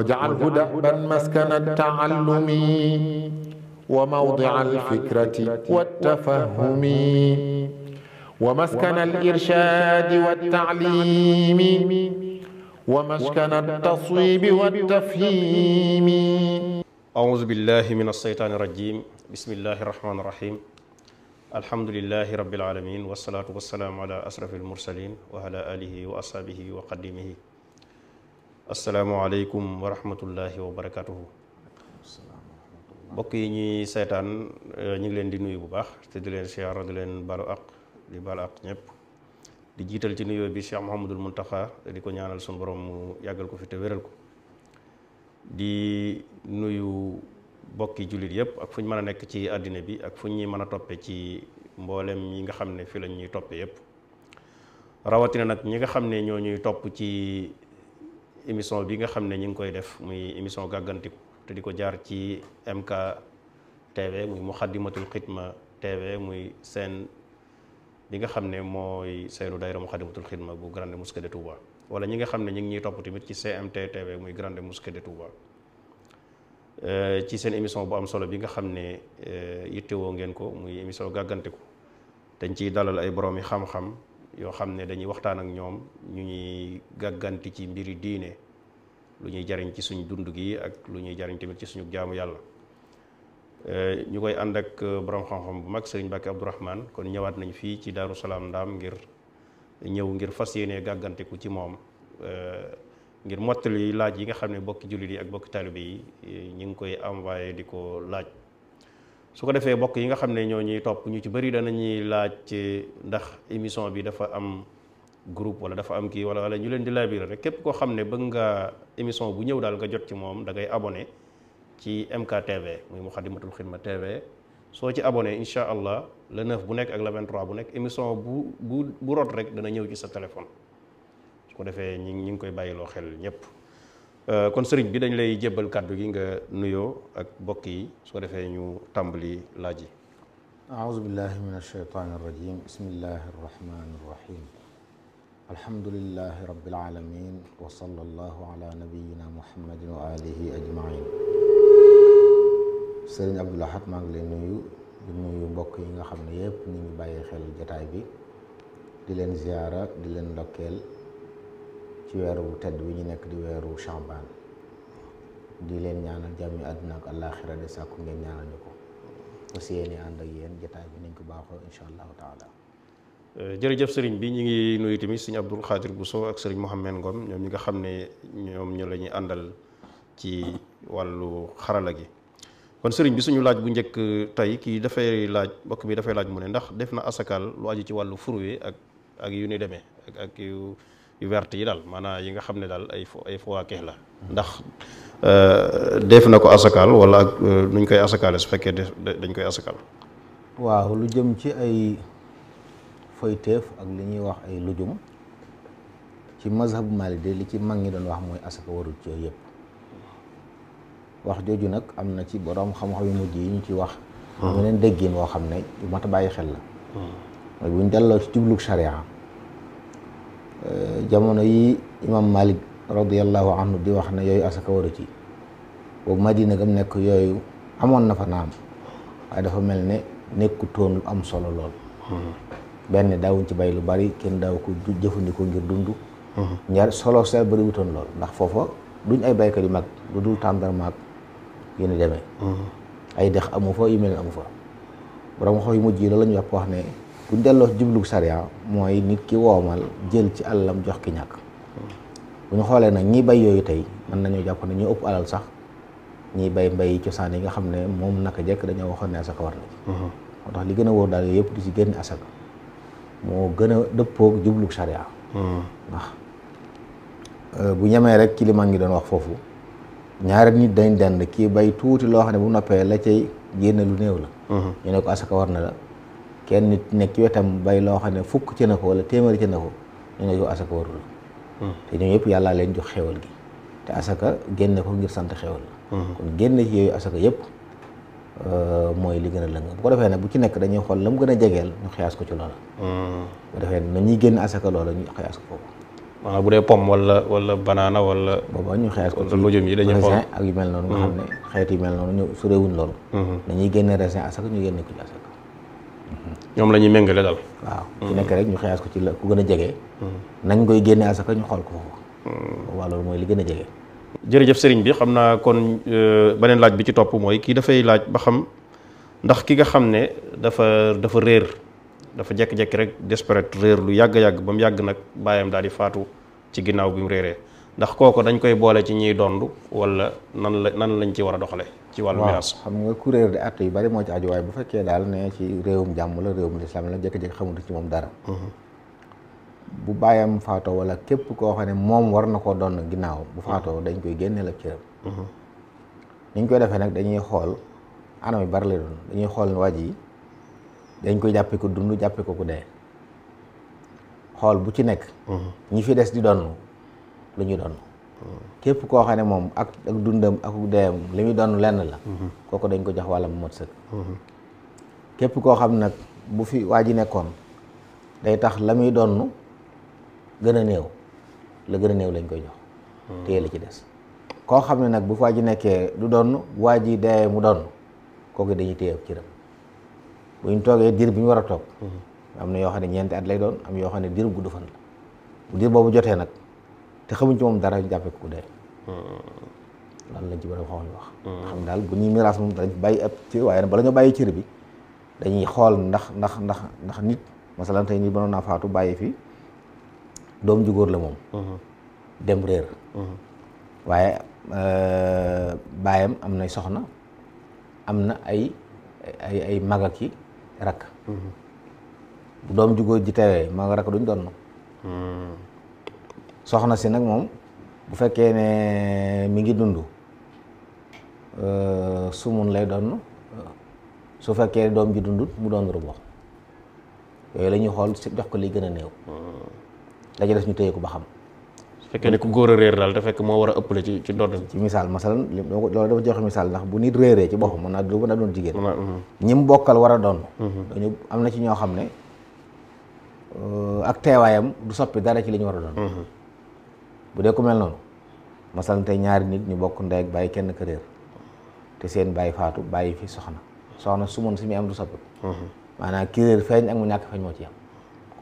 واجعل هدى مسكن التعلم وموضع الفكرة والتفهم ومسكن الإرشاد والتعليم ومسكن التصويب والتفهيم أعوذ بالله من الشيطان الرجيم بسم الله الرحمن الرحيم الحمد لله رب العالمين والصلاة والسلام على أشرف المرسلين وعلى آله وأصحابه وقديمه asalaamualeykum wa rahmatullahi wa barakatuhu yi ñuy seetaan euh, ñu ngi leen di nuyu bu baax te di leen siyaara di leen balu aq di balu aq ñëpp di jiital ci nuyoo bi Cheikh Mouhamadul Mountakha di ko ñaanal suñu borom mu yàggal ko fi te wéral ko di nuyu bokki jullit yëpp ak fu ñu mën a nekk ci àddina bi ak fu ñuy mën a toppe ci mbooleem yi nga xam ne fi lañ ñuy toppe yëpp rawatina nag ñi nga xam ne ñoo ñuy topp ci émission bi nga xam ne ñu ngi koy def muy émission gàggantiku te di ko jaar ci MK TV muy Muxaddamatul Xidma TV muy seen bi nga xam ne mooy seenu daayira Muxaddamatul Xidma bu Grande Mosquée de Touba wala ñi nga xam ne ñu ngi ñuy topp tamit ci CMT TV muy Grande Mosquée de Touba euh, ci seen émission bu am solo bi nga xam ne euh, yittewoo ngeen ko muy émission gàggantiku dañ ci dalal ay borom yi xam-xam. yoo xam ne dañuy waxtaan ak ñoom ñu ñuy gàgganti ci mbiri diine lu ñuy jariñ ci suñ dund gi ak lu ñuy jariñ tamit ci suñu jaamu yàlla euh, ñu koy ànd ak euh, borom xam-xam bu mag sëriñ Mbàkke Abdourahman kon ñëwaat nañu fii ci Daaru Salaam Ndaam ngir ñëw ngir fas yéene gàggantiku ci moom euh, ngir mottali laaj yi nga xam ne bokki jullit yi ak bokki taalibe yi ñu ngi koy envoyé di ko laaj su ko defee mbokk yi nga xam ne ñoo ñuy topp ñu ci bëri danañuy laaj ci ndax émission bi dafa am group wala dafa am kii wala wala ñu leen di laabiir rek képp koo xam ne bëgg nga émission bu ñëw daal nga jot ci moom da ngay abonné ci MKTV muy Muxaddamatul Xidma TV soo ci abone incha allah le 9 bu nekk ak le 23 bu nekk émission bu bu bu rot rek dana ñëw ci sa téléphone su ko defee ñi ñu ngi koy bàyyiloo xel ñëpp. Euh, kon sëriñ bi dañ lay jébbal kàddu gi nga nuyoo ak mbokk yi su defee ñu tàmbali laaj yi aouzu billahi min alsheytaani arrajim bismillahi arrahmani arrahim alhamdulilahi rabbil alamin wa sëriñ Abdul Ahad maa ngi lay nuyu di yi nga xam ne yëpp ñu ngi bàyyi xel jataay bi di leen ziyaara di leen ndokkeel ci weeru tedd wi ñu nekk di weeru Sha'ban di leen ñaanal jàmm yi àdduna ak àllaaxira de sàkku ngeen ñaanal ñu ko aussi yéen ànd ak yéen jotaay bi nañ baaxoo incha allahu euh, jërëjëf sëriñ bi ñu ngi nuyu tamit sëriñ Abdul Xaadir Bousso ak sëriñ Mouhamed Ngom ñoom ñi nga xam ne ñoom ñu la ñuy àndal ci wàllu xarala gi. kon sëriñ bi suñu laaj bu njëkk tey kii dafay laaj mbokk bi dafay laaj mu ne ndax def na asakaal lu aju ci wàllu furwe ak ak yu ni demee ak ak yu. yu verte yi daal maanaam yi nga xam ne daal ay ay fawaakeex la ndax euh, def na ko asakaal wala ak euh, nuñ koy asakaale su fekkee dañ koy asakaal waaw lu jëm ci ay foyteef ak li ñuy wax ay lujum ci mazhabu Maalik de li ci mag ñi doon wax mooy asaka warul ci yooyu yëpp wax jooju nag am na ci borom xam-xam yu mujj yi ñu ci wax ñu hmm. leen déggin woo xam ne yu mat a bàyyi xel la hmm. buñ delloo ci jublug sharia jamono yi imam malik radiallahu anhu di wax na yooyu asaka waru ci boobu madina gam nekk yooyu amoon na fa naan waaye dafa mel ne nekku toon lu am solo lool benn daawuñ ci bay lu bari kenn daaw ko jëfandikoo ngir dund ñaar solo sa bëri wutoon lool ndax foofa duñ ay baykat yu mag lu dul tàndarmaak yu ni demee hmm. ay dex amu fa yu mel ne amu fa borom xaw yu mujj yi loolu la ñu wax ne buñ delloo jublu sariya mooy nit ki woomal jël ci alalam jox ki ñàkk bu ñu xoolee nag ñi bay yooyu tey mën nañoo jàpp ne ëpp alal sax ñiy bay mbay cosaan yi nga xam ne moom naka jekk dañoo waxoon ne asaka war na ci mhm. moo tax li gën a wóor daal yëpp di ci génn asaka moo gën a dëppoog jublu sariya mhm. ndax euh, bu ñemee rek ci li ma ngi doon wax foofu ñaari nit dañ dend kii bay tuuti loo xam ne bu noppee la cay génn lu néew la mhm. ñu ne ko asaka war na la kenn nit nekk ci wetam bay loo xam ne fukk ci na ko wala téeméeri ci na ko ñooñu ko asaka warul hmm. te ñooñu yëpp yàllaa leen jox xewal gi te asaka génne ko ngir sant xewal hmm. kon génne ci yooyu asaka yëpp euh, mooy li gën a lëng bu ko defee ne bu ci nekk dañuy xool la mu gën a jegeel ñu xiyaas ko ci loola hmm. bu defee na ñuy génn asaka loola ñu xiyaas ko foofu maanaam bu dee pomme wala wala banaana wala. booba ñu xees ko lujum yi dañuy xool raisin ak yu mel noonu. nga xam ne xeet yu mel noonu ñu su réewuñ loolu. dañuy génne raisin asaka ñu génne ko ci asaka. ñoom la ñuy méngale daal. waaw ku nekk rek ñu xiyaas ko ci la ku gën a jege. Hmm. nañ koy génne asaka ñu xool ko foofu. Hmm. waaw loolu mooy li gën a jege. jërëjëf sëriñ bi xam naa kon euh, beneen laaj bi ci topp mooy kii dafay laaj ba xam ndax ki nga xam ne dafa dafa réer dafa jekk-jekk rek disparaître réer lu yàgg-yàgg ba mu yàgg nag baayam daal di faatu ci ginnaaw bi mu réeree ndax kooku dañ koy boole ci ñiy dond walla nan la nan lañ ci war a doxalee. ci wàllu miraas xam nga kuréel di àtte yu bari moo ci aju bu fekkee daal ne ci réewum jàmm la réewum lislaam la jékki-jékki xamutu ci moom dara mhm. bu bàyyam faatoo wala képp koo xam ne moom war na koo doon ginnaaw bu mhm. faatoo dañ koy génneel ab cëram mhm. niñ koy defee nag dañuy xool anam yu bari la doon dañuy xool waaj yi dañ koy jàppe ko dund jàppe ko ku dee xool bu ci nekk ñi fi des di doon lu ñu doon képp koo xam ne moom ak ak dundam ak deyam li muy doon lenn la mhm. kooku dañ ko jox walla wàllam mot sëkk mhm. képp koo xam nag bu fi waa ji nekkoon day tax la muy doon gën a néew la gën a néew lañ koy jox mhm. ci des koo xam ne nag bu waa ji nekkee du doon waa ji dee mu doon kooku dañuy téye ab cëram bu toogee diir bi ñu war a toog am na yoo xam ne ñeenti at lay doon am yoo xam ne diir bu gudd fan la bu diir boobu jotee nag te xamuñ ci moom dara ñu ku dee. loolu hmm. lañ ci borom xool wax. Hmm. xam daal bu ñuy bàyyi cër bala ñoo bàyyi cër bi dañuy xool ndax ndax ndax ndax nit masalan tey nit mënoon a faatu bàyyi fii doom ju góor la moom. Hmm. dem réer. waaye euh, baayam am nay soxna am na ay ay ay mag rakk. doom ju góor ji tewee mag rakk duñ doon. soxna si nag moom bu fekkee ne mi ngi dund euh, su mun lay doon su fekkee doom ji dund mu doon rubox yooyu la ñuy xool si jox ko li gën a néew. dañuy def ñu téye ko ba xam. su fekkee ne ku góor a réer daal te fekk moo war a ëppale ci ci ndodd ci misaal masalan loolu dafa joxe misaal ndax bu nit réeree ci boppam mën naa du mën a doon jigéen. Mhm. ñi mu bokkal war a donn mhm. am na ci ñoo xam ne euh, ak teewaayam du soppi dara ci li war a doon. Mhm. bu dee ko mel noonu masalan tey ñaari nit ñu bokk ndey ak bàyyi kenn ka te seen bàyyi faatu bàyyi fi soxna soxna sumun si muy am du soppi mhm. maanaam ki feeñ ak mu ñàkk feeñ moo ci yam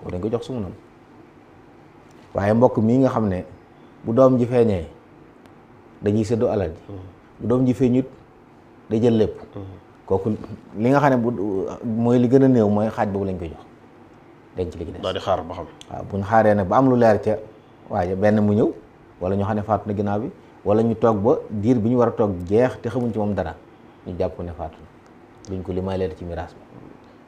ko dañ ko jox sumunam waaye mbokk mii nga xam ne bu doom ji feeñee dañuy séddoo alal ji mhm. bu doom ji feeñut day jël lépp mhm. kooku li nga xam ne bu mooy li gën a néew mooy xaaj boobu lañ ko jox denc li ci des daal di xaar ba xam waaw buñ xaaree nag ba am lu leer ca waaye benn mu ñëw wala ñoo xam ne faatu na ginnaaw bi wala ñu toog ba diir bi ñu war a toog jeex te xamuñ ci moom dara ñu jàpp ne faatu na duñ ko limaalee ci miraas bi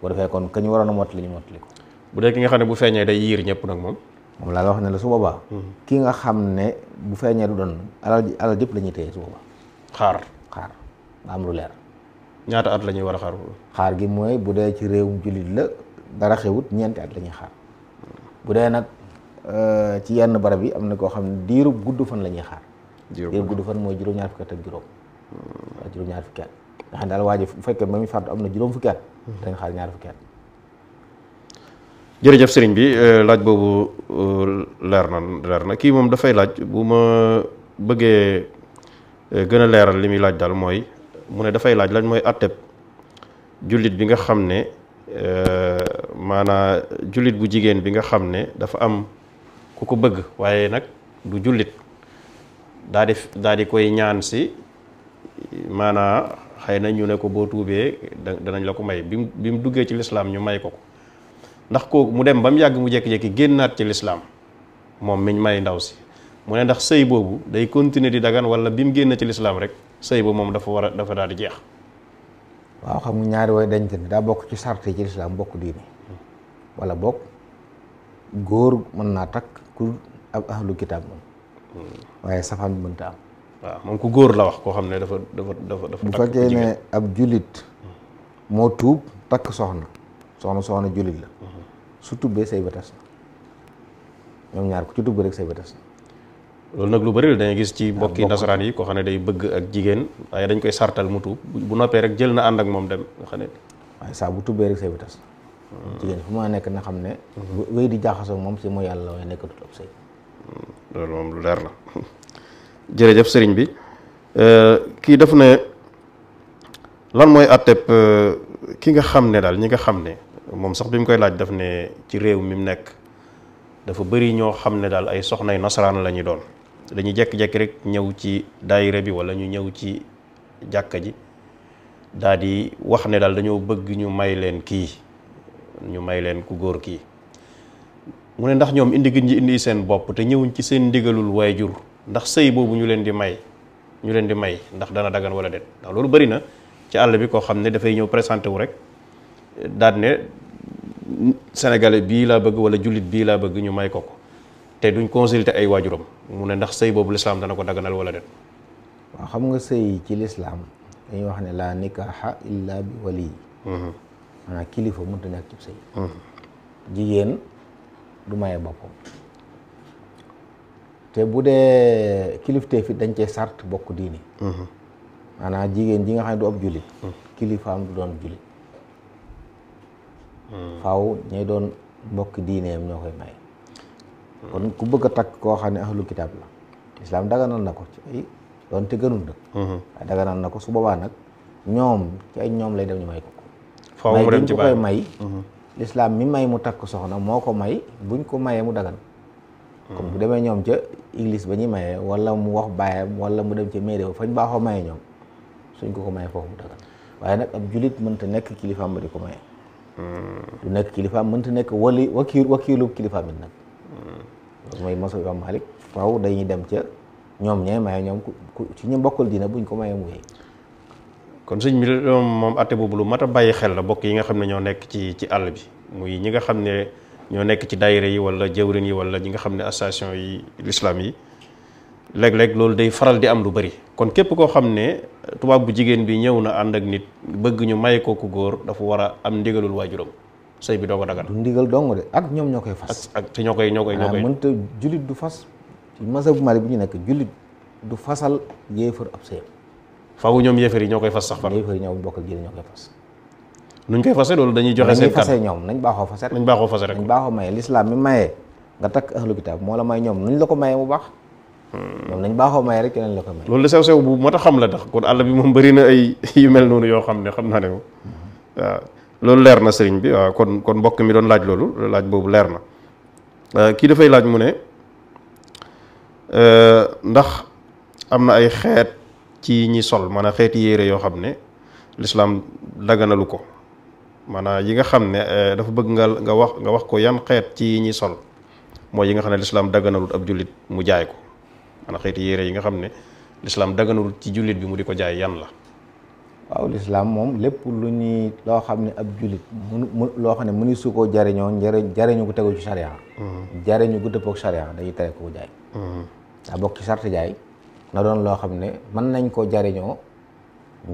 bu defee ka ñu waroon a mottali ñu mottali ko. bu dee ki nga xam ne bu feeñee day yiir ñëpp nag moom. moom laa wax ne la su boobaa. Hmm. ki nga xam ne bu feeñee du doon alal alal jëpp la ñuy téye su boobaa. xaar xaar am lu leer. ñaata at lañuy war a xaar. xaar gi mooy bu dee ci réewum jullit la dara xewut ñeenti at la ñuy xaar bu dee nag. Euh, ci yenn barab yi am na koo xam ne diirub gudd fan la ñuy xaar. diirub gudd fan mooy juróom-ñaar fukki at ak juróom. waaw juróom-ñaar fukki at bu fekkee ba muy faatu am na juróom fukki at. ñaar fukki sëriñ bi euh, laaj boobu euh, leer na leer na kii moom dafay laaj bu ma bëggee gën a leeral li muy laaj daal mooy mu ne dafay laaj lañ mooy atteb jullit bi nga xam ne maanaa jullit bu jigéen bi nga xam ne dafa am. ku ko bëgg waaye nag du jullit daa di daa di koy ñaan si maanaa xëy nañ ñu ne ko boo tuubee danañ la ko may bi mu duggee ci lislaam ñu may ko ko ndax kooku mu dem ba mu yàgg mu jékki-jékki génnaat ci lislaam moom miñ may ndaw si mu ne ndax sëy boobu day continuer di dagan wala bi mu génn ci lislaam rek sëy ba moom dafa war a dafa daal di jeex waaw xam ñaari way dañ tamit daa bokk ci sart yi ci lislaam bokk diine wala bokk góor mën naa takk ku ab ahlu kitaab moom hmm. waaye safaan bi mënta am waaw moom ku góor la wax koo xam ne dafa dafa dafa dafa bu fekkee ne ab jullit moo tuub takk soxna soxna soxna jullit la hmm. su tubbee say ba tas ñoom ñaar ku ci tubb rek say ba tas loolu nag lu bari la dañuy gis ci mbokki nasaraan yi koo xam ne day bëgg ak jigéen waaye dañ koy sartal mu tuub bu noppee rek jël na ànd ak moom dem nga xam ne waaye saa bu tubbee rek say ba tas jigéen fu ma nekk na xam ne. wéy di jaaxasoo moom si mooy yàlla waaye nekkatul ab sëy. Hmm, loolu moom lu leer la jërëjëf sëriñ bi euh, kii daf ne lan mooy àtteeb euh, ki nga xam ne daal ñi nga xam ne moom sax bi mu koy laaj daf ne ci réew mi mu nekk dafa bari ñoo xam ne daal ay soxnay nasaraan la doon dañuy jekki-jekki rek ñëw ci daayira bi wala ñu ñëw ci jàkka ji daal di wax ne daal dañoo bëgg ñu may leen kii. ñu may leen ku góor kii mu ne ndax ñoom indi gi ñu indi seen bopp te ñëwuñ ci seen ndigalul waajur ndax sëy boobu ñu leen di may ñu leen di may ndax dana dagan wala déet ndax loolu bari na ci àll bi koo xam ne dafay ñëw présenté wu rek daan ne sénégalais bii laa bëgg wala jullit bii laa bëgg ñu may ko ko te duñ consulter ay waajuram mu ne ndax sëy boobu lislaam dana ko daganal wala déet waaw xam nga sëy ci lislaam dañuy wax ne la nikaaxa illa bi wali mhm. maanaam kilifa mënut a nekk ci sëy hmm. jigéen du maye boppam te bu dee kilifteef it dañ cee sart bokk diini hmm. maanaam jigéen ji nga xam ne du ab jullit hmm. kilifaam du doon jullit faaw ñay doon mbokki diineem ñoo koy may kon ku bëgg takk koo xam ne ahlu kitaab la islaam daganal na ko ci ay doonte gënul nag waaye daganal na ko su boobaa nag ñoom ci ay ñoom lay dem ñu may ko faaw mu dem ci baax koy may. Mhm. lislaam mi may mu takk soxna moo ko may buñ ko mayee mu dagan. Mhm. comme bu demee ñoom ca église ba ñuy mayee walla mu wax baayam walla mu dem ca mairie ba fañ baaxoo mayee ñoom suñ ko ko mayee foofu nag ab julit mënta nekk kilifaam ba di ko maye. Mhm. du nekk nekk wali wakiil wakiilu nag. loolu mooy mosu Imaam Malik faaw dañuy dem ca ñoom ñee maye ñoom ci ñu mbokkul dina buñ ko mayee mu wéy. kon sëñ bi moom atte boobu lu mat a bàyyi xel la bokk yi nga xam ne ñoo nekk ci ci àll bi muy ñi nga xam ne ñoo nekk ci daayira yi wala jawrin yi wala ñi nga xam ne association yi l'islam yi léeg-léeg loolu day faral di am lu bari kon képp koo xam ne tubaab bu jigéen bi ñëw na ànd ak nit bëgg ñu may ko ku góor dafa war a am ndigalul waajuram sëy bi doo ko dagal. du ndigal dong de ak ñoom ñoo koy fas. ak te ñoo koy ñoo koy ñoo koy. Ah, mënta jullit du fas ci masa bu mali bu ñu nekk du fasal yéefar ab sëyam faaw ñoom yéefar yi ñoo koy fas sax far yéefar yi ñoo bokk ak jullit ñoo koy fas nuñ koy fase loolu dañuy joxe seen fase ñoom nañ baaxoo fase rek nañ baaxoo fase rek nañ baaxoo maye lislaam mi maye nga takk ahlu kitaab moo la may ñoom nuñ la ko maye mu baax hmm. ñoom baaxoo maye rek keneen la ko loolu de sew-sew bu mat a xam la tax kon àll bi moom bëri na ay yu mel noonu yoo xam ne xam naa ne moom hmm. ah, loolu leer na sëriñ bi waaw ah, kon kon mbokk mi doon laaj loolu laaj boobu leer na ah, kii dafay laaj mu ne eh, ndax am na ay xeet ci ñi sol maanaam xeeti yére yoo xam ne lislaam daganalu ko maanaam yi nga xam ne eh, dafa bëgg nga nga wax nga wax ko yan xeet ci ñi sol mooy yi nga xam ne lislaam daganalut ab jullit mu jaay ko maanaam xeeti yére yi nga xam ne lislaam daganalut ci jullit bi mu di ko jaay yan la waaw lislaam moom lépp lu ñuy loo xam ne ab jullit mu loo xam ne mënu su koo jariñoo njëriñ jariñu gu tegu ci sharia mhm. jariñu gu dëppook sharia dañuy tere ko jaay mhm. daa bokk ci sart jaay na doon loo xam ne mën nañ koo jariñoo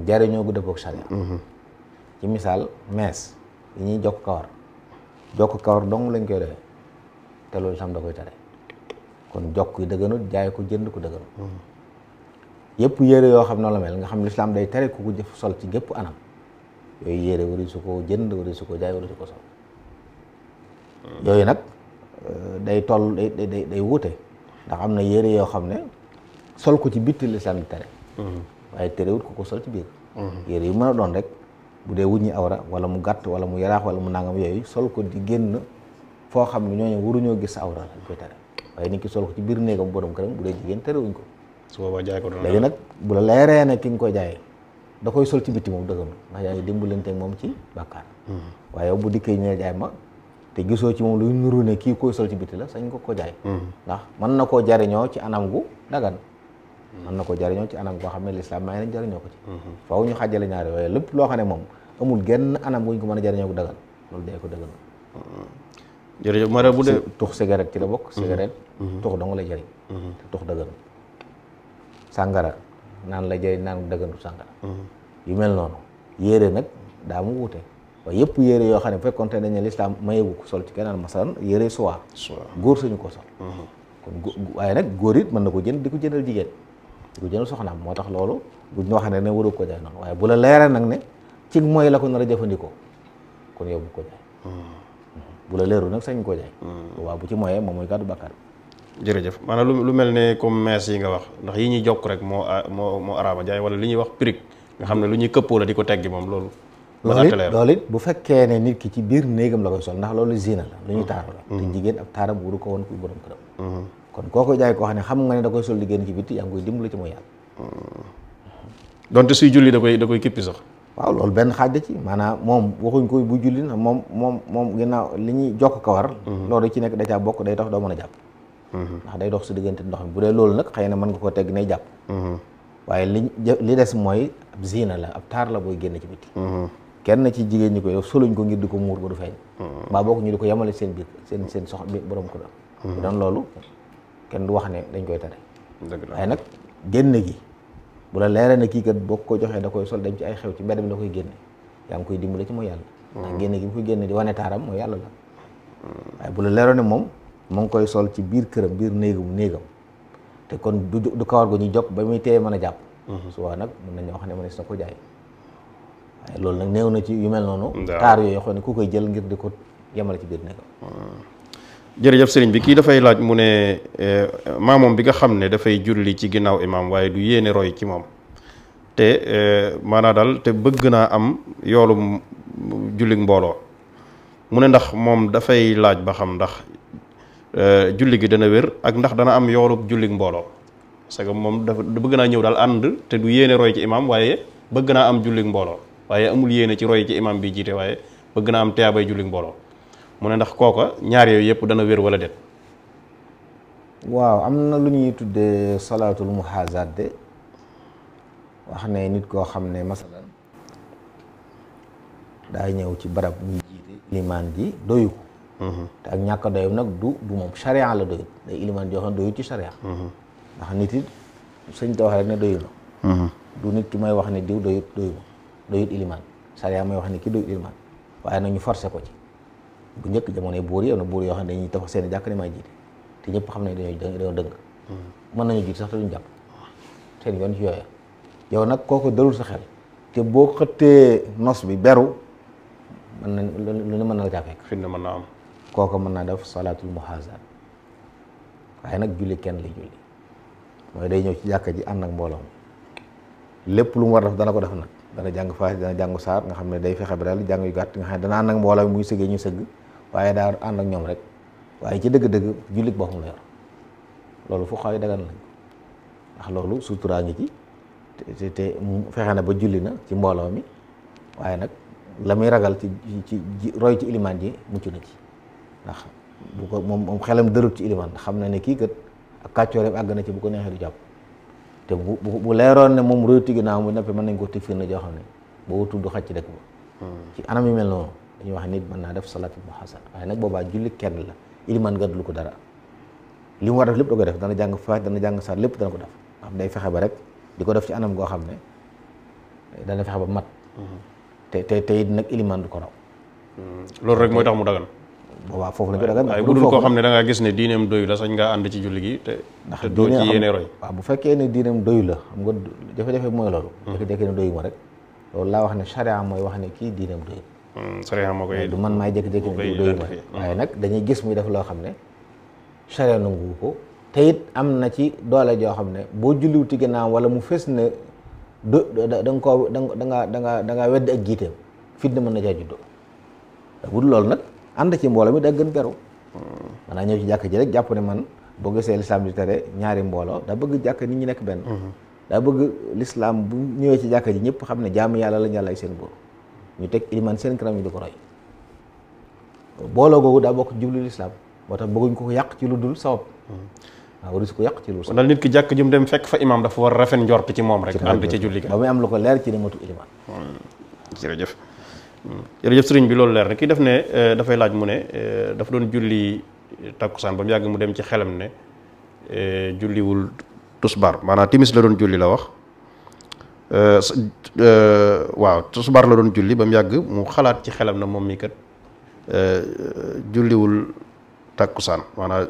jariñoo gu dëppook charia mm-hmm. ci misaal mees yi ñuy jokk kawar jokk kawar dong lañ koy doyee te loolu sam da koy tere kon jokk yi dëgganut jaay ko jënd ko dëgganut mm-hmm. yëpp yére yoo xam ne la mel nga xam lislaam day tere ku ko jëf sol ci gépp anam yooyu yére wari jënd wari su ko jaay mm-hmm. nag euh, day toll day day day wuute ndax am na yére yoo xam ne sol ko ci bitti lislaam di tere mhm. waaye terewut ko ko sol ci biir mhm. yére yu mën a doon rek bu dee wuññi awra wala mu gàtt wala mu yaraax wala mu nangam yooyu sol ko di génn foo xam ne ñooñu waruñoo gis sa awra lañ waaye nit ki sol ko ci biir néegam borom këram bu dee jigéen terewuñ ko su boobaa jaay léegi nag bu la leeree ne ki nga koy jaayee da sol ci bitti moom dëggam ndax yaa moom ci bàkkaar mhm. waaye bu dikkee ñu jaay te gisoo ci moom lu nuru ne kii koy sol ci bitti la sañ ko ko jaay ndax mën na koo jariñoo ci anam gu dagan mën na ko jariñoo ci anam koo xam ne lislaam may nañ jariñoo ko ci mhm. faaw ñu xàjjale ñaari waaye lépp loo xam ne moom amul genn anam guñ ko mën a jariñoo ko dagal loolu dee ko dagal mhm. jërëjëf mara bu dee tux cigarette ci la bokk mhm. cigarette tux dong la jariñ te tux dagal sàngara naan la jariñ naan dagantu sàngara yu mel noonu yére nag daa mu wuute waaye yëpp yére yoo xam ne bu fekkoon te dañu lislaam mayewu ko sol ci keneen masalan yére soie góor suñu ko sol kon waaye nag góor it mën na ko jën di ko jëndal jigéen du jël soxnaam moo tax loolu buñ wax ne waru ko jaay waaye bu la leeree nag ne cig mooy la ko jëfandikoo kon yow ko hmm. bu la leeru nag sañ ko jaay hmm. bu ci mooyee moom mooy gàddu bàkkaar jërëjëf maanaam lu lu mel ne comme mees yi nga wax ndax yi ñuy jokk rek moo moo moo araama jaay wala li ñuy wax pirig nga xam ne lu ñuy këppoo la di ko teggi moom loolu loolu it bu fekkee ne nit ki ci biir néegam la koy sol ndax loolu zina la lu ñuy hmm. taaru la te jigéen ab taaram wuru ko woon kuy borom këram kon koo koy jaay ko xam ne xam nga ne da koy sol di génn ci bitti yaa ngi koy dimbali ci mooy yàlla. donte suy julli da koy da koy kippi sax. waaw loolu benn xaaj da ci maanaam moom waxuñ koy bu julli na moom moom moom ginnaaw li ñuy jokk kawar. Hmm. loolu ci nekk da caa bokk day tax doo mën jàpp. Hmm. ndax day dox si diggante ndox mi bu dee loolu nag xëy na mën nga koo teg nay jàpp. Hmm. waaye li li des mooy ab ziina la ab taar la booy génn ci bitti. kenn ci jigéen ñi koy yow soluñ ko ngir di ko muur ba du feeñ. mbaa bokk ñu di ko yemale seen biir seen seen sox bi borom ko doon. bu loolu kenn du wax ne dañ koy tere. waaye nag génn gi bu la leeree ne kii kat boo ko joxee da koy sol dem ci ay xew ci mbedd mi da koy génne yaa ngi koy dimbale ci mooy yàlla. Mm. gi bu génne di wane taaram mooy yàlla waaye bu la leeroo ne moom mu ngi koy sol ci biir këram biir néegam néegam te kon du du kawar gu ñuy jokk ba muy téye mën a jàpp. Mm-hmm. suba nag mën nañu wax ne mën na ko jaay. waaye loolu nag néew na ci yu mel noonu. taar yooyu yoo xam ne ku koy jël ngir di ko yemale ci biir néegam. Mm. jërëjëf sëriñ bi kii dafay laaj mu ne eh, maamoom bi nga xam ne dafay julli ci ginnaaw imaam waaye du yéene roy ci moom te eh, maanaa daal te bëgg naa am yoolu jullig mbooloo mu ne ndax moom dafay laaj ba xam ndax eh, julli gi dana wér ak ndax dana am yoolu jullig mbooloo parce que moom dafa bëgg naa ñëw daal ànd te du yéene roy ci imaam waaye bëgg naa am jullig mbooloo waaye amul yéene ci roy ci imaam bi jiite waaye bëgg naa am teyaabay jullig mbooloo mu ne ndax kooka ñaar yooyu yëpp dana wér walla déet waaw am na lu ñuy tuddee salaatul muhaazaat de wax ne nit koo xam ne masalan daa ñëw ci barab muy jiite ilimaan ji doyu mhm. te ak ñàkk doyum nag du du moom charia la doyut day ilimaan joo xam ci charia mhm. ndax nit it sëñ ta wax doyu na mhm. du nit ki may wax ne diw doyut doyu ma doyut ilimaan charia may wax ne ki doyut ilimaan waaye nañu forcé ko ci bu njëkk jamonoy buur yi am na buur yoo xam ne dañuy taxaw seen i jàkk ne maay jiite te ñëpp xam nañ dañoo dañoo dëng hmm. mën nañu jiite sax te duñ jàpp seen yoon ci yooya yow nag kooko dalul sa xel te boo xëttee nos bi beru mën nañ lu ne mën na la caa fekk fitna mën naa am kooku mën naa def salaatul muhaazat waaye nag julli kenn li julli mooy day ñëw ci jàkka ji ànd ak mbooloo mi lépp lu mu war def dana ko def nag dana jàng faas dana jàngu saar nga xam ne day fexe bi daal jàng yu gàtt nga xam ne dana ànd ak mbooloo ñu sëgg waaye daa ànd ak ñoom rek waaye ci dëgg-dëgg jullit boppam la yor loolu fu xaw yi dagan nañ ndax loolu suturaa ngi ci te te fexe na ba julli na ci mbooloo mi waaye nag la muy ragal ci ci roy ci ilimaan ji mucc na ci ndax bu moom moom xelam dërut ci ilimaan xam na ne kii kat ak kàccooreem àgg na ci bu ko neexee du jàpp te bu bu leeroon ne moom royuti naa mu neppe mën nañ koo tig fir na joo xam ne boo tudd xaj ci dëkk ba hmm. ci anam yu mel noonu dañuy wax nit mën naa def salaatul muhaasara waaye nag boobaa julli kenn la iliman gàddul ko dara li mu war a def lépp ko def dana jàng faat dana jàng saar lépp dana ko def xam day fexe ba rek di ko def ci anam goo xam ne dana fexe ba mat te te te it nag iliman du ko raw hmm. loolu rek mooy tax mu dagan boobaa foofu la ñu ko dagan waaye bu dul koo xam ne da gis ne diineem doyu la sañ ngaa ànd ci julli gi te ndax doo ci yéene roy waaw bu fekkee ne diineem doyu la xam nga jafe-jafe mooy loolu hmm. jékki-jékki ne doyu ma rek loolu laa wax ne charia mooy wax ne kii diineem Mm, sariya moo koy. du man maay jékki-jékki ne diw doyuma waaye nag dañuy gis muy def loo xam ne sariya nangu ko te it am na ci doole joo xam ne boo julliwuti ginnaaw wala mu fës ne do da nga koo da nga da nga da nga wedd na caa juddoo loolu nag ànd ci mbooloo mi da gën beru mm. maanaam ñëw ci jàkk ji rek jàpp ne man boo gisee lislaam di tere ñaari mbooloo daa bëgg jàkk nit ñi nekk benn mm-hmm. daa bëgg lislaam bu ñëwee ci jàkk ji ñëpp xam ne jaamu yàlla la ñu yàlla ak seen bopp ñu teg ilimaan seen kanam ñu di ko roy booloo googu daa bokk jublu lislaam moo tax ko ko yàq ci lu dul sabab waaw waru si ko yàq ci lu dul nit ki jàkk jum dem fekk fa imaam dafa war rafet njort ci moom rek ànd ca julli ga am lu ko leer ci ne matu ilimaan hmm, jërëjëf hmm, bi loolu leer na kii def ne eh, dafay laaj mu ne eh, dafa doon julli takkusaan ba mu yàgg mu dem ci xelam ne eh, julliwul tusbar maanaam timis la doon julli la wax Euh, euh, waaw tisbaar la doon julli ba mu yàgg mu xalaat ci xelam na moom mi kat euh, julliwul tàkkusaan maanaam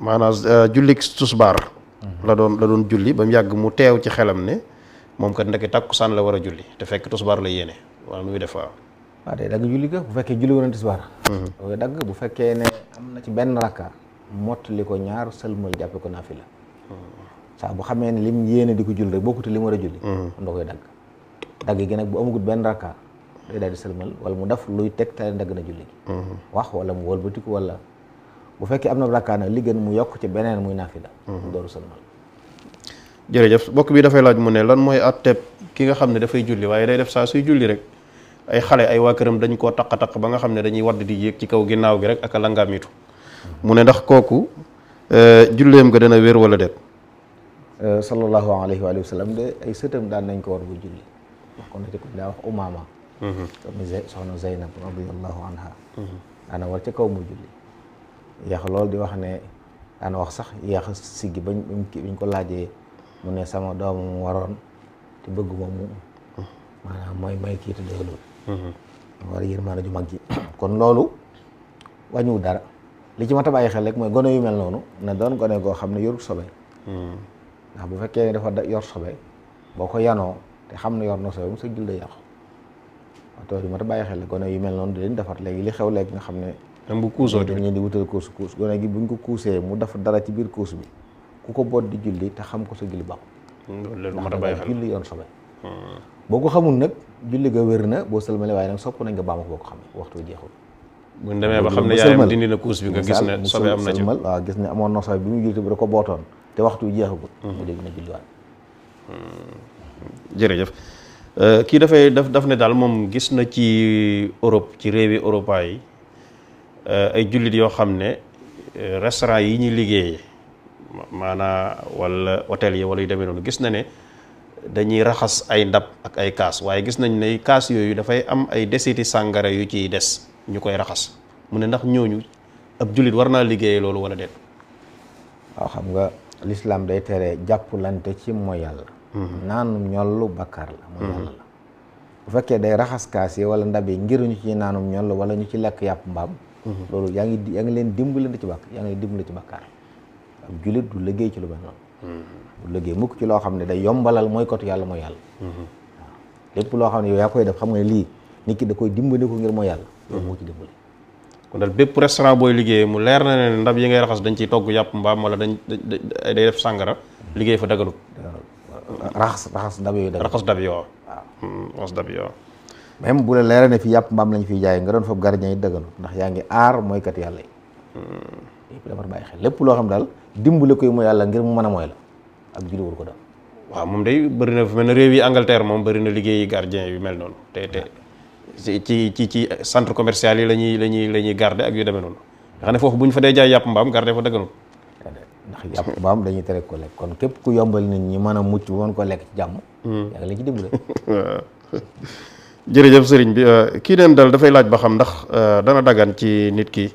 maanaam jullik tisbaar mhm. la doon la doon julli ba mu yàgg mu teew ci xelam ne moom kat ndeke tàkkusaan la war a julli te fekk tisbaar la yéene mu muy def waaw waaw dagg julli ga bu fekkee julli woon tisbaar mhm. bu fekkee ne am na ci benn rakka mottali ko ñaar sëlmal jàppe ko la saa bu xamee ne lim yéene di ko julli rek bokkut lim mu war a julli am da koy dagg dagg gi nag bu amagut benn rakka day di sëlmal wala mu def luy tegtale dagg na julli mm-hmm. wax wala mu wëlbatiku wala bu fekkee am na rakka li gën mu yokk ci beneen muy naafila mm-hmm. mu dooru sëlmal jërëjëf bokk bi dafay laaj mu ne lan mooy atteb ki nga xam ne dafay julli waaye day def saa suy julli rek ay xale ay waa këram dañ koo taq-taq ba nga xam ne dañuy wadd di yéeg ci kaw ginnaaw gi rek ak a mu ne ndax kooku euh, julleem nga dana wér walla déet euh, sallallahu alayhi wa sallam de ay sëtam daan nañ ko war bu julli wax ko nate ko daa wax soxna soxna zeynab radiallahu anha mm-hmm. daana war ca kaw mu julli yéex loolu di wax ne daana wax sax yéex siggi bañ bañ ko laajee mu ne sama doomu mu waroon te bëgguma mu mm-hmm. maanaam mooy may kii te doyalul mm-hmm. war kon loolu wàññiwul dara li ci mat a bàyyi xel rek mooy gone yu mel noonu na doon gone goo xam ne yorul sobe hmm. ndax bu fekkee ne dafa yor sobe boo ko yanoo te xam ne yor na sobe sa jul day yàqu waxtu li mat a bàyyi yu mel noonu di leen defar léegi li xew léegi nga xam ne même bu kuusoo tamit ñu di wutal kuus kuus gone gi buñ ko kuusee mu def dara ci biir kuus ku ko boot di julli te xam ko sa julli baaxul hmm, loolu mat a bàyyi xel julli hmm. boo ko xamul nag julli ga wér na boo sëlmale waaye nag sopp nañ nga baamu boo ko xam xamee waxtu jeexul bu ñu demee ba xam ne yaayam dindi na couche bi nga gis ne sobe am na ci waaw gis ne amoon na sobe bi mu jur bi da ko bootoon te waxtu jeexagul hmm. mu dégg na judduwaat hmm. jërëjëf euh, kii dafay daf daf ne daal moom gis na ci Europe ci réewi Europa yi euh, ay jullit yoo xam ne euh, restaurant yi ñuy liggéeyee maanaa walla hôtel yi wala yu demee noonu gis na ne dañuy raxas ay ndab ak ay kaas waaye gis nañ ne kaas yooyu dafay am ay desiti sàngara yu ciy des ñu koy raxas mu ne ndax ñooñu ab jullit war naa liggéeyee loolu wala de waaw xam nga lislaam day tere jàppulante ci moo yàlla mhm. naanum ñollu bakkaar la mhm. la bu fekkee day raxas kaas yi wala ndab yi ngir ñu ci naanum ñollu wala ñu ci lekk yàpp mbaam mhm. loolu yaa ngi yaa ngi leen la ci bàkk yaa ngi leen ci bakkaar ab jullit du liggéey ci lu mel noonu du liggéey mukk ci loo xam ne day yombalal mooy kotu yàlla moo yàlla lépp loo xam ne yow yaa koy def xam nga lii nit ki da koy dimbali ci dimbali kon daal bépp restaurant booy liggéey mu leer na ne ndab yi ngay raxas dañ ciy togg yàpp mbaam wala dañ day def sàngara liggéey fa daganut raxas raxas dab yooyu raxas waaw hmm, raxas dab yoo même bu la leera ne fi yàpp mbaam lañ fi jaay nga doon fab gardien yi daganut ndax yaa ngi aar mooykat yàlla yi hmm. yëpp dafar lépp loo xam daal dimbale koy mooy yàlla ngir mu mën a mooy la ak julli wul ko daal waaw moom day bëri na fu mel ne réew yi Angleterre moom bëri na liggéeyi gardien yu mel noonu te te ci ci ci centre commercial yi la ñuy la la ñuy garder ak yu demee noonu nga xam ne foofu bu ñu fa dee jaay yàpp mbaam garder fa dëgganul ndax yàpp mbaam dañuy tere ko lekk kon képp ku yombal nit ñi mën a mucc woon ko lekk ci jàmm hmm. yaa ngi sëriñ bi euh, kii neen dal dafay laaj ba xam ndax euh, dana daggan ci nit ki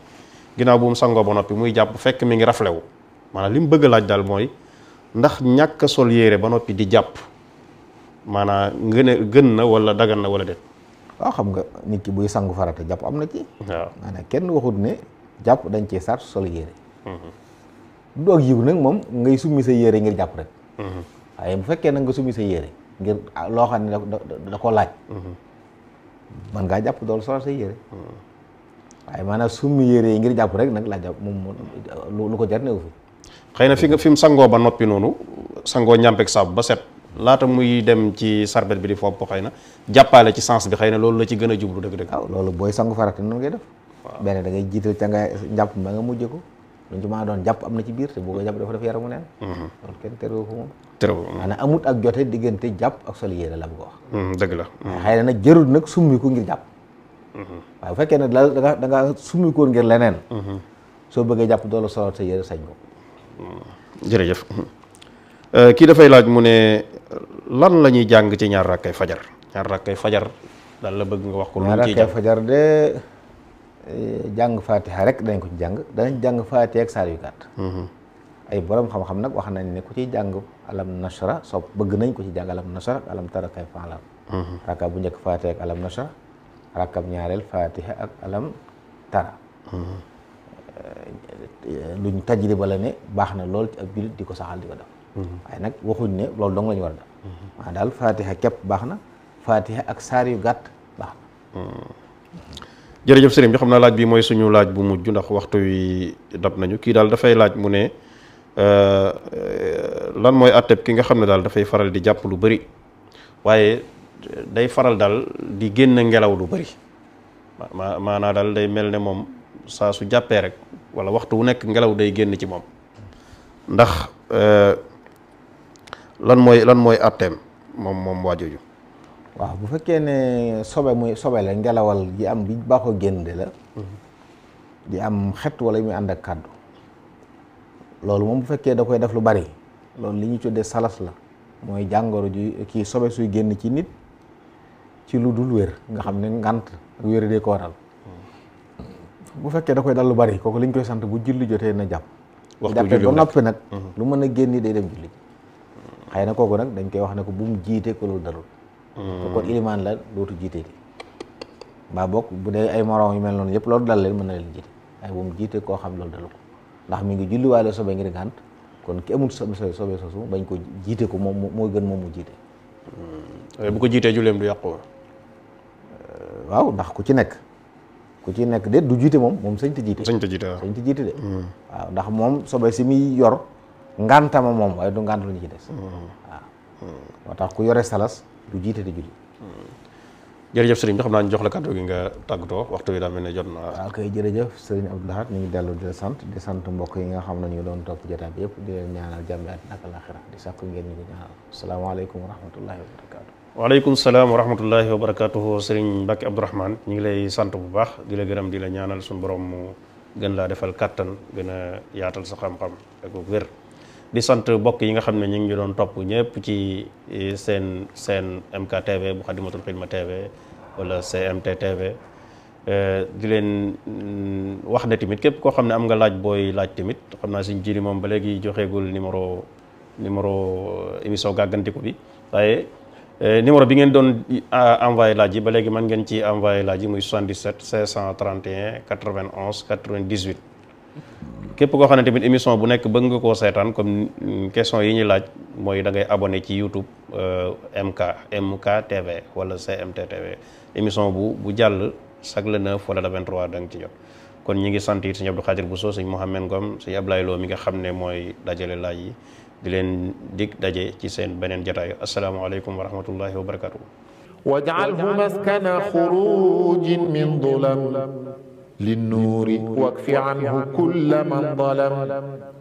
ginnaaw bu sangoo ba noppi muy jàpp fekk mi ngi raflewu maanaam li mu bëgg laaj daal mooy ndax ñàkk sol yére ba noppi di jàpp maanaam ngën a gën na wala dagan na wala déet waaw xam nga nit ki buy sangu farata jàpp am na ci. waaw maanaam kenn waxut ne jàpp dañ cee sart sol yére. Mhm. doog yiw nag moom ngay summi sa yére ngir jàpp rek. Mhm. waaye bu fekkee nag nga summi sa yére ngir ah, loo xam ne da da ko laaj. man mhm. ngaa jàpp dool sol sa yére. waaye maanaam summi yére yi ngir jàpp rek nag laa jàpp moom lu ko jar newu fi. xëy na fi nga fi mu sangoo ba noppi noonu sangoo ñàmpeeg saabu ba set. laata muy dem ci sarbet bi di fopp xëy na jàppale ci sens bi xëy na loolu la ci gën a jublu dëgg-dëgg waaw loolu booy sangu farata noonu ngay def benn da ngay jiital ca nga jàpp ba nga mujje ko luñ ci maa doon jàpp am na ci biir te boo ko jàpp dafa def yaramu neen mhm. loolu ak jàpp ak sol yéene la bu mhm, la mhm. xëy na nag jarul nag summi ko ngir jàpp waaye bu fekkee da nga da nga summi soo bëggee jàpp doola soloot sa yére sañ ko jërëjëf euh, kii dafay laaj mu ne lan la ñuy jàng ci ñaar rakkay fajar ñaar rakkay fajar daal la bëgg nga wax ko lu ñaar rakkay fajar eh, jàng faatiha rek dañ ko ci jàng danañ jàng faatiha ak saar yu gàtt mhm. ay borom xam-xam nag wax nañ ne ku ciy jàng alam nashra so bëgg nañ ko ci jàng alam nashra ak alam tara kayfa alam mhm. rakka bu njëkk faatiha ak alam nashra rakkab ñaareel faatiha ak alam tara mhm. eh, luñ tajriba la ne baax na lool ci ab jullit di ko saxal di ko def waaye nag waxuñ ne loolu dong lañu war a def waaw daal fatiha képp baax na fatiha ak saar yu gàtt baax na jërëjëf sëriñ bi xam naa laaj bi mooy suñu laaj bu mujj ndax waxtu wi dab nañu kii daal dafay laaj mu ne euh, euh, lan mooy àtteb ki nga xam ne daal dafay faral di jàpp lu bari waaye day faral daal di génn ngelaw lu bari ma maanaa daal day mel ne moom saa su jàppee rek walla waxtu wu nekk ngelaw day génn ci moom ndax euh, lan mooy lan mooy atteem moom moom waa jooju waaw bu fekkee ne sobe muy sobe ngelawal ji am bi baaxoo génn la di am xet wala muy ànd ak kàddu loolu moom bu fekkee da koy def lu bari loolu li ñu tuddee salas la mooy jàngoro ji kii sobe suy génn ci nit ci lu dul wér nga xam ne ngant ak wér dee ko waral bu fekkee da koy dal lu bari kooku li koy sant bu julli jotee na jàpp jàppee ba noppi nag mhm. lu mën a génni day dem julli xay na kooku nag dañ koy wax ne ko bu mu jiite ko loolu darul hmm. kon ilimaan la dootu jiitee ti mbaa bokk bu dee ay morom yu mel noonu yëpp loolu dal leen mën na leen jiite ay bu mu jiite koo xam loolu dalu ko ndax mi ngi julliwaale sobe ngir gànt kon ki amul sobee sobe soosu bañ ko jiite ko moom moo gën moom mu jiite hmm. bu ko jiitee julleem du yàqu euh, waaw ndax ku ci nekk ku ci nekk de du jiite moom moom sañ ta jiite sañ ta jiite de hmm. waaw ndax moom sobe si muy yor ngantama moom waaye du ngàntu lu ñu ci des mm-hmm. waaw moo tax ku yore salas du jiite di julli jërëjëf sëriñ bi xam naa ñu jox la kàddu gi nga tàggatoo waxtu wi daa mel ne jot na waaw kay jërëjëf sëriñ Abdou ñu ngi dellu di sant di sant mbokk yi nga xam ne ñu doon topp jotaay bi yëpp di leen ñaanal jàmm àddina ak laaxira di sàkku ngeen ñu ko ñaanal asalaamaaleykum wa rahmatullahi wa barakatuh sëriñ Mbacke Abdourahmane ñu ngi lay sant bu baax di la gërëm di la ñaanal suñ borom mu gën laa defal kàttan gën a yaatal sa xam-xam ak di sant bokk yi nga xam ne ñu ngi doon topp ñëpp ci e, seen seen MKTV bu Xadimatul Xidma TV wala CMT e, di leen mm, wax ne tamit képp koo xam ne am nga laaj booy laaj tamit xam naa suñ jiri moom ba léegi joxeegul numéro numéro e, émission gàggantiku bi waaye numéro bi ngeen doon envoyé laaj yi ba léegi mën ngeen ci envoyé laaj yi muy 77 531 91 98 képp koo xam ne tamit émission bu nekk bëgg nga koo seetaan comme question yi ñuy laaj mooy da ngay ci YouTube euh, MK TV wala CMT TV émission bu bu jàll chaque le 9 wala le 23 da nga ci jot. kon ñi ngi sant it sëñ Abdou Khadir Bousso sëñ Mouhamed Ngom sëñ Ablaye Lo mi nga xam ne mooy dajale laaj yi di leen dig daje ci seen beneen jotaayu asalaamaaleykum wa rahmatullahi wa barakatuh. waj'alhu maskana xurujin min dulam linnuuri wakfi anhu kulla man zalam